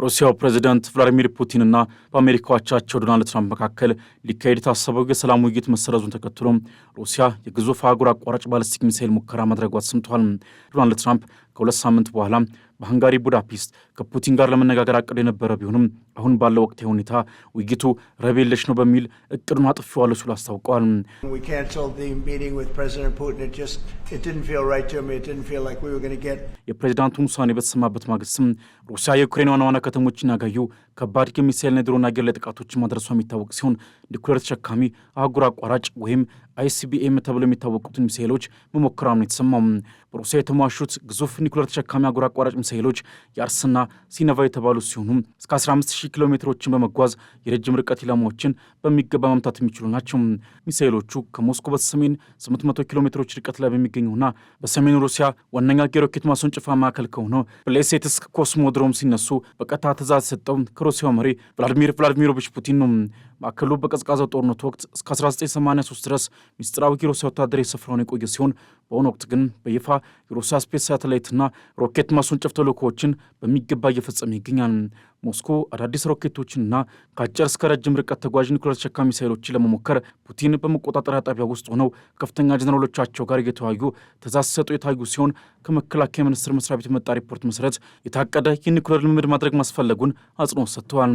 በሩሲያው ፕሬዚዳንት ቭላዲሚር ፑቲንና በአሜሪካው አቻቸው ዶናልድ ትራምፕ መካከል ሊካሄድ የታሰበው የሰላም ውይይት መሰረዙን ተከትሎ ሩሲያ የግዙፍ አህጉር አቋራጭ ባለስቲክ ሚሳይል ሙከራ ማድረጓ ተሰምተዋል። ዶናልድ ትራምፕ ከሁለት ሳምንት በኋላ በሃንጋሪ ቡዳፔስት ከፑቲን ጋር ለመነጋገር አቅዶ የነበረ ቢሆንም አሁን ባለው ወቅታዊ ሁኔታ ውይይቱ ረብ የለሽ ነው በሚል እቅዱን አጥፌዋለሁ ሲሉ አስታውቀዋል። የፕሬዚዳንቱን ውሳኔ በተሰማበት ማግስትም ሩሲያ የዩክሬን ዋና ዋና ከተሞችን አጋዩ ከባድ የሚሳኤልና ድሮን አየር ላይ ጥቃቶች ማድረሷ የሚታወቅ ሲሆን ኒኩሌር ተሸካሚ አህጉር አቋራጭ ወይም አይሲቢኤም ተብሎ የሚታወቁትን ሚሳኤሎች መሞከራ ነው የተሰማው። በሩሲያ የተሟሹት ግዙፍ ኒኩሌር ተሸካሚ አህጉር አቋራጭ ሚሳኤሎች የአርስና ሲነቫ የተባሉ ሲሆኑ እስከ 150 ኪሎ ሜትሮችን በመጓዝ የረጅም ርቀት ኢላማዎችን በሚገባ መምታት የሚችሉ ናቸው። ሚሳኤሎቹ ከሞስኮ በሰሜን 800 ኪሎ ሜትሮች ርቀት ላይ በሚገኘውና በሰሜን ሩሲያ ዋነኛ የሮኬት ማስወንጨፊያ ማዕከል ከሆነው ፕሌሴትስክ ኮስሞድሮም ሲነሱ በቀጥታ ትእዛዝ ሰጠው የሩሲያው መሪ ቭላዲሚር ቭላዲሚሮቪች ፑቲን ነው። ማዕከሉ በቀዝቃዛው ጦርነት ወቅት እስከ 1983 ድረስ ሚስጥራዊ የሩሲያ ወታደራዊ ስፍራውን የቆየ ሲሆን በአሁኑ ወቅት ግን በይፋ የሩሲያ ስፔስ ሳተላይትና ሮኬት ማስወንጨፍ ተልዕኮዎችን በሚገባ እየፈጸመ ይገኛል። ሞስኮ አዳዲስ ሮኬቶችንና ከአጭር እስከ ረጅም ርቀት ተጓዥ ኒኩሌር ተሸካሚ ሚሳይሎችን ለመሞከር ፑቲን በመቆጣጠሪያ ጣቢያ ውስጥ ሆነው ከፍተኛ ጀነራሎቻቸው ጋር እየተወያዩ ትዕዛዝ ሲሰጡ የታዩ ሲሆን ከመከላከያ ሚኒስቴር መስሪያ ቤት የመጣ ሪፖርት መሰረት የታቀደ የኒኩሌር ልምምድ ማድረግ ማስፈለጉን አጽንኦት ሰጥተዋል።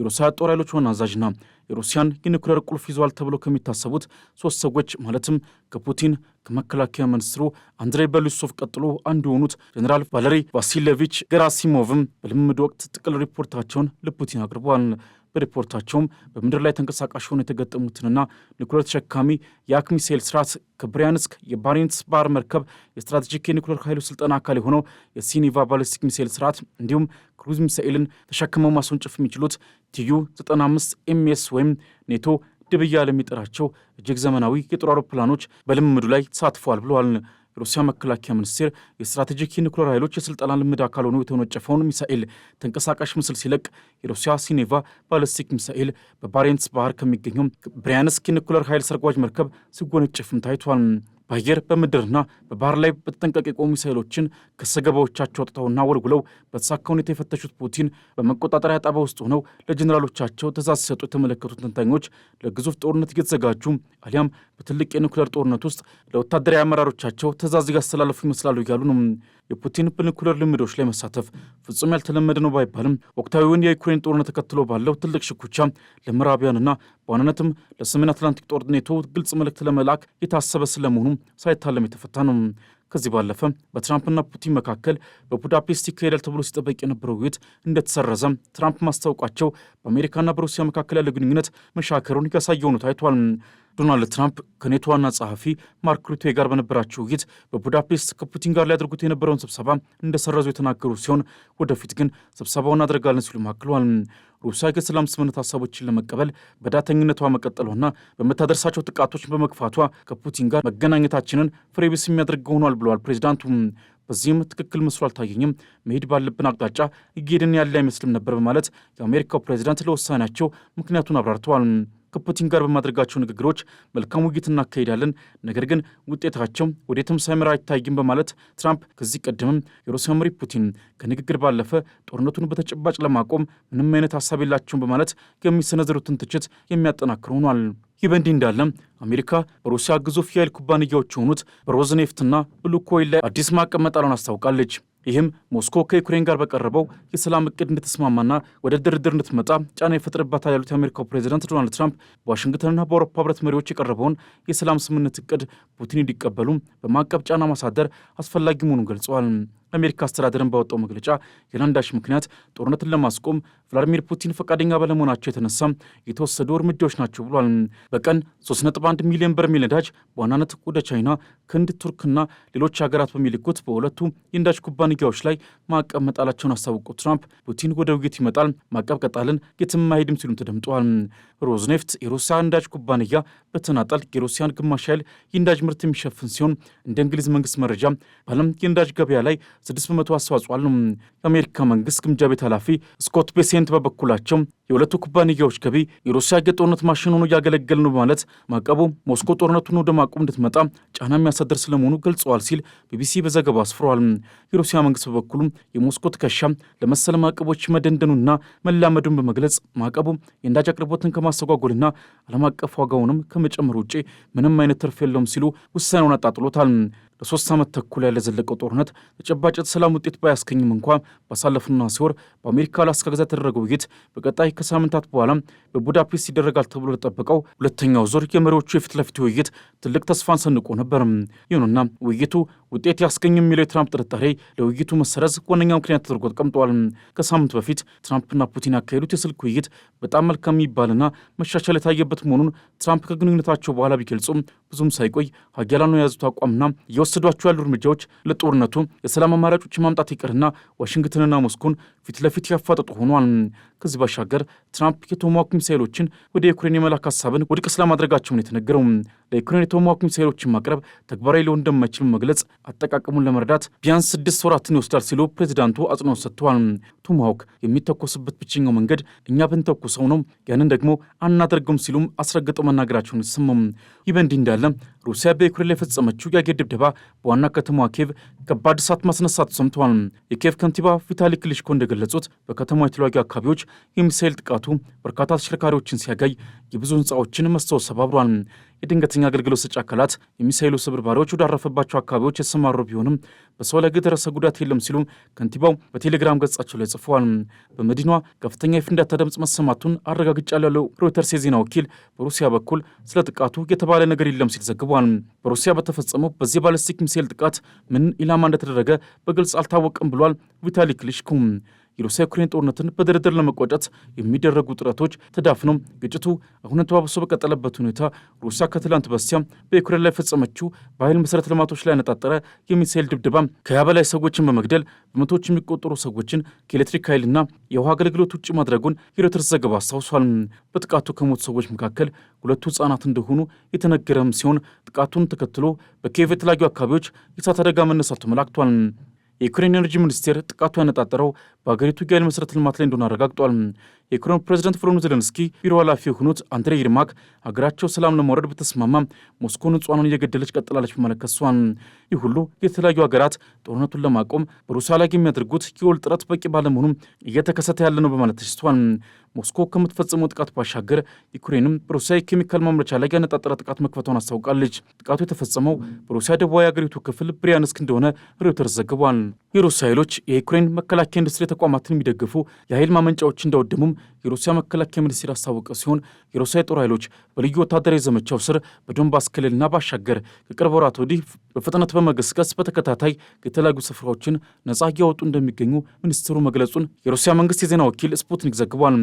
የሩሲያ ጦር ኃይሎች ዋና አዛዥና የሩሲያን የኒኩሌር ቁልፍ ይዟል ተብሎ ከሚታሰቡት ሶስት ሰዎች ማለትም ከፑቲን ከመከላከያ ሚኒስትሩ አንድሬይ በሉሶቭ ቀጥሎ አንዱ የሆኑት ጀኔራል ቫለሪ ቫሲሌቪች ገራሲሞቭም በልምምድ ወቅት ጥቅል ሪፖርታቸውን ለፑቲን አቅርበዋል። ሪፖርታቸውም በምድር ላይ ተንቀሳቃሽውን የተገጠሙትንና ኒኩሌር ተሸካሚ የአክ ሚሳኤል ስርዓት ከብሪያንስክ የባሬንትስ ባህር መርከብ የስትራቴጂክ የኒኩሌር ኃይሉ ስልጠና አካል የሆነው የሲኒቫ ባሊስቲክ ሚሳኤል ስርዓት እንዲሁም ክሩዝ ሚሳኤልን ተሸክመው ማስወንጨፍ የሚችሉት ቲዩ 95 ኤምኤስ ወይም ኔቶ ድብያ ለሚጠራቸው እጅግ ዘመናዊ የጦር አውሮፕላኖች በልምምዱ ላይ ተሳትፏል ብለዋል። የሩሲያ መከላከያ ሚኒስቴር የስትራቴጂክ የኒኩሌር ኃይሎች የስልጠና ልምድ አካል ሆኖ የተወነጨፈውን ሚሳኤል ተንቀሳቃሽ ምስል ሲለቅ የሩሲያ ሲኔቫ ባለስቲክ ሚሳኤል በባሬንትስ ባህር ከሚገኘው ብሪያንስክ የኒኩሌር ኃይል ሰርጓጅ መርከብ ሲጎነጨፍም ታይቷል። በአየር በምድርና በባህር ላይ በተጠንቀቅ የቆሙ ሚሳይሎችን ከሰገባዎቻቸው አውጥተውና ወልጉለው በተሳካ ሁኔታ የፈተሹት ፑቲን በመቆጣጠሪያ ጣቢያ ውስጥ ሆነው ለጀኔራሎቻቸው ትእዛዝ ሲሰጡ የተመለከቱት ተንታኞች ለግዙፍ ጦርነት እየተዘጋጁ አሊያም በትልቅ የኒኩሌር ጦርነት ውስጥ ለወታደራዊ አመራሮቻቸው ትእዛዝ ያስተላለፉ ይመስላሉ እያሉ ነው። የፑቲን በኒኩሌር ልምዶች ላይ መሳተፍ ፍጹም ያልተለመደ ነው ባይባልም ወቅታዊውን የዩክሬን ጦርነት ተከትሎ ባለው ትልቅ ሽኩቻ ለምዕራቢያንና በዋናነትም ለሰሜን አትላንቲክ ጦር ግልጽ መልእክት ለመላክ የታሰበ ስለመሆኑ ሳይታለም የተፈታ ነው። ከዚህ ባለፈ በትራምፕና ፑቲን መካከል በቡዳፔስት ይካሄዳል ተብሎ ሲጠበቅ የነበረው ውይይት እንደተሰረዘ ትራምፕ ማስታወቃቸው በአሜሪካና በሩሲያ መካከል ያለ ግንኙነት መሻከሩን ያሳየው ነው ታይቷል። ዶናልድ ትራምፕ ከኔቶ ዋና ጸሐፊ ማርክ ሩቴ ጋር በነበራቸው ውይይት በቡዳፔስት ከፑቲን ጋር ሊያደርጉት የነበረውን ስብሰባ እንደሰረዙ የተናገሩ ሲሆን ወደፊት ግን ስብሰባውን እናደርጋለን ሲሉ ማክለዋል። ሩሲያ የሰላም ስምምነት ሀሳቦችን ለመቀበል በዳተኝነቷ መቀጠሏና በምታደርሳቸው ጥቃቶች በመግፋቷ ከፑቲን ጋር መገናኘታችንን ፍሬቢስ የሚያደርገው ሆኗል ብለዋል ፕሬዚዳንቱ። በዚህም ትክክል መስሎ አልታየኝም፣ መሄድ ባለብን አቅጣጫ እየሄድን ያለ አይመስልም ነበር በማለት የአሜሪካው ፕሬዚዳንት ለውሳኔያቸው ምክንያቱን አብራርተዋል። ከፑቲን ጋር በማድረጋቸው ንግግሮች መልካም ውይይት እናካሄዳለን፣ ነገር ግን ውጤታቸው ወዴትም ሳይመራ አይታይም በማለት ትራምፕ ከዚህ ቀደምም የሩሲያ መሪ ፑቲን ከንግግር ባለፈ ጦርነቱን በተጨባጭ ለማቆም ምንም አይነት ሀሳብ የላቸውም በማለት የሚሰነዘሩትን ትችት የሚያጠናክር ሆኗል። ይህ በእንዲህ እንዳለ አሜሪካ በሩሲያ ግዙፍ የኃይል ኩባንያዎች የሆኑት በሮዝኔፍትና ብሉኮይል ላይ አዲስ ማዕቀብ መጣሏን አስታውቃለች። ይህም ሞስኮ ከዩክሬን ጋር በቀረበው የሰላም እቅድ እንድትስማማና ወደ ድርድር እንድትመጣ ጫና የፈጥርባታል ያሉት የአሜሪካው ፕሬዚዳንት ዶናልድ ትራምፕ በዋሽንግተንና በአውሮፓ ህብረት መሪዎች የቀረበውን የሰላም ስምምነት እቅድ ፑቲን እንዲቀበሉ በማዕቀብ ጫና ማሳደር አስፈላጊ መሆኑን ገልጸዋል። የአሜሪካ አስተዳደርን ባወጣው መግለጫ ያለአንዳች ምክንያት ጦርነትን ለማስቆም ቭላዲሚር ፑቲን ፈቃደኛ ባለመሆናቸው የተነሳ የተወሰዱ እርምጃዎች ናቸው ብሏል። በቀን 3.1 ሚሊዮን በርሜል ነዳጅ በዋናነት ወደ ቻይና፣ ህንድ፣ ቱርክና ሌሎች ሀገራት በሚልኩት በሁለቱ የነዳጅ ኩባንያዎች ላይ ማዕቀብ መጣላቸውን አስታወቁ። ትራምፕ ፑቲን ወደ ውይይት ይመጣል፣ ማዕቀብ ቀጣልን፣ የትም አይሄድም ሲሉም ተደምጠዋል። ሮዝኔፍት የሩሲያ ነዳጅ ኩባንያ በተናጠል የሩሲያን ግማሽ ያህል የነዳጅ ምርት የሚሸፍን ሲሆን እንደ እንግሊዝ መንግስት መረጃ በዓለም የነዳጅ ገበያ ላይ ስድስት በመቶ አስተዋጽኦ አለው። የአሜሪካ መንግስት ግምጃ ቤት ኃላፊ ስኮት ቤሴንት በበኩላቸው የሁለቱ ኩባንያዎች ገቢ የሩሲያ ጦርነት ማሽን ሆኖ እያገለገል ነው በማለት ማዕቀቡ ሞስኮ ጦርነቱን ወደ ማቆም እንድትመጣ ጫና የሚያሳደር ስለመሆኑ ገልጸዋል ሲል ቢቢሲ በዘገባ አስፍሯል። የሩሲያ መንግስት በበኩሉ የሞስኮ ትከሻ ለመሰለ ማዕቀቦች መደንደኑና መላመዱን በመግለጽ ማዕቀቡ የነዳጅ አቅርቦትን ከማስተጓጎልና ዓለም አቀፍ ዋጋውንም ከመጨመር ውጭ ምንም አይነት ትርፍ የለውም ሲሉ ውሳኔውን አጣጥሎታል። ለሶስት ዓመት ተኩል ያለ ዘለቀው ጦርነት ተጨባጭ ሰላም ውጤት ባያስገኝም እንኳ ባሳለፍና ሲወር በአሜሪካ አላስካ ግዛት የተደረገው ውይይት በቀጣይ ከሳምንታት በኋላ በቡዳፔስት ይደረጋል ተብሎ ለጠበቀው ሁለተኛው ዙር የመሪዎቹ የፊት ለፊት ውይይት ትልቅ ተስፋን ሰንቆ ነበር። ይሁንና ውይይቱ ውጤት ያስገኝ የሚለው የትራምፕ ጥርጣሬ ለውይይቱ መሰረዝ ዋነኛ ምክንያት ተደርጎ ተቀምጠዋል። ከሳምንት በፊት ትራምፕና ፑቲን ያካሄዱት የስልክ ውይይት በጣም መልካም የሚባልና መሻሻል የታየበት መሆኑን ትራምፕ ከግንኙነታቸው በኋላ ቢገልጹም ብዙም ሳይቆይ ሀያላኑ የያዙት አቋምና እየወሰዷቸው ያሉ እርምጃዎች ለጦርነቱ የሰላም አማራጮች ማምጣት ይቅርና ዋሽንግተንና ሞስኮን ፊት ለፊት ያፋጠጡ ሆኗል። ከዚህ ባሻገር ትራምፕ የቶማሃውክ ሚሳይሎችን ወደ ዩክሬን የመላክ ሀሳብን ውድቅ ስለማድረጋቸውን የተነገረው ለዩክሬን የተወማኩ ሚሳይሎችን ማቅረብ ተግባራዊ ሊሆን እንደማይችል መግለጽ አጠቃቀሙን ለመረዳት ቢያንስ ስድስት ወራትን ይወስዳል ሲሉ ፕሬዚዳንቱ አጽንኦት ሰጥተዋል። ቶማሃውክ የሚተኮስበት ብቸኛው መንገድ እኛ ብንተኩሰው ነው፣ ያንን ደግሞ አናደርገውም ሲሉም አስረግጠው መናገራቸውን ይሰማም። ይህ በእንዲህ እንዳለ ሩሲያ በዩክሬን ላይ የፈጸመችው የአየር ድብደባ በዋና ከተማዋ ኬቭ ከባድ እሳት ማስነሳት ሰምተዋል። የኬቭ ከንቲባ ቪታሊ ክሊሽኮ እንደገለጹት በከተማ የተለያዩ አካባቢዎች የሚሳይል ጥቃቱ በርካታ ተሽከርካሪዎችን ሲያጋይ የብዙ ህንፃዎችን መስታወት ሰባብሯል። የድንገተኛ አገልግሎት ሰጪ አካላት የሚሳይሉ ስብርባሪዎች ወዳረፈባቸው አካባቢዎች የተሰማሩ ቢሆንም በሰው ላይ ግን የደረሰ ጉዳት የለም ሲሉ ከንቲባው በቴሌግራም ገጻቸው ላይ ጽፈዋል። በመዲኗ ከፍተኛ የፍንዳታ ድምፅ መሰማቱን አረጋግጫለሁ ያለው ሮይተርስ የዜና ወኪል በሩሲያ በኩል ስለ ጥቃቱ የተባለ ነገር የለም ሲል ዘግቧል። በሩሲያ በተፈጸመው በዚህ ባለስቲክ ሚሳይል ጥቃት ምን ኢላማ እንደተደረገ በግልጽ አልታወቅም ብሏል። ቪታሊ ክሊሽኩም የሩሲያ ዩክሬን ጦርነትን በድርድር ለመቋጨት የሚደረጉ ጥረቶች ተዳፍነው ግጭቱ አሁንም ተባብሶ በቀጠለበት ሁኔታ ሩሲያ ከትላንት በስቲያ በዩክሬን ላይ ፈጸመችው በኃይል መሰረተ ልማቶች ላይ ያነጣጠረ የሚሳኤል ድብደባ ከያ በላይ ሰዎችን በመግደል በመቶዎች የሚቆጠሩ ሰዎችን ከኤሌክትሪክ ኃይልና የውሃ አገልግሎት ውጭ ማድረጉን የሮይተርስ ዘገባ አስታውሷል። በጥቃቱ ከሞቱ ሰዎች መካከል ሁለቱ ህጻናት እንደሆኑ የተነገረም ሲሆን ጥቃቱን ተከትሎ በኪየቭ የተለያዩ አካባቢዎች የእሳት አደጋ መነሳቱ መላክቷል። የዩክሬን ኤነርጂ ሚኒስቴር ጥቃቱ ያነጣጠረው በአገሪቱ ጋዝ መሠረተ ልማት ላይ እንደሆነ አረጋግጧል። የዩክሬን ፕሬዚደንት ቮሎዲሚር ዘለንስኪ ቢሮ ኃላፊ የሆኑት አንድሬ ይርማክ አገራቸው ሰላም ለማውረድ በተስማማ ሞስኮ ንጹሐንን እየገደለች ቀጥላለች በማለት ከሷል። ይህ ሁሉ የተለያዩ ሀገራት ጦርነቱን ለማቆም በሩሲያ ላይ የሚያደርጉት የውል ጥረት በቂ ባለመሆኑም እየተከሰተ ያለ ነው በማለት ተችቷል። ሞስኮ ከምትፈጽመው ጥቃት ባሻገር ዩክሬንም በሩሲያ የኬሚካል ማምረቻ ላይ ያነጣጠረ ጥቃት መክፈቷን አስታውቃለች። ጥቃቱ የተፈጸመው በሩሲያ ደቡባዊ የአገሪቱ ክፍል ብሪያንስክ እንደሆነ ሬውተርስ ዘግቧል። የሩሲያ ኃይሎች የዩክሬን መከላከያ ኢንዱስትሪ ተቋማትን የሚደግፉ የኃይል ማመንጫዎች እንዳወደሙም የሩሲያ መከላከያ ሚኒስቴር ያስታወቀ ሲሆን የሩሲያ የጦር ኃይሎች በልዩ ወታደራዊ ዘመቻው ስር በዶንባስ ክልልና ባሻገር ከቅርብ ወራት ወዲህ በፍጥነት በመገስገስ በተከታታይ የተለያዩ ስፍራዎችን ነጻ እያወጡ እንደሚገኙ ሚኒስትሩ መግለጹን የሩሲያ መንግስት የዜና ወኪል ስፑትኒክ ዘግቧል።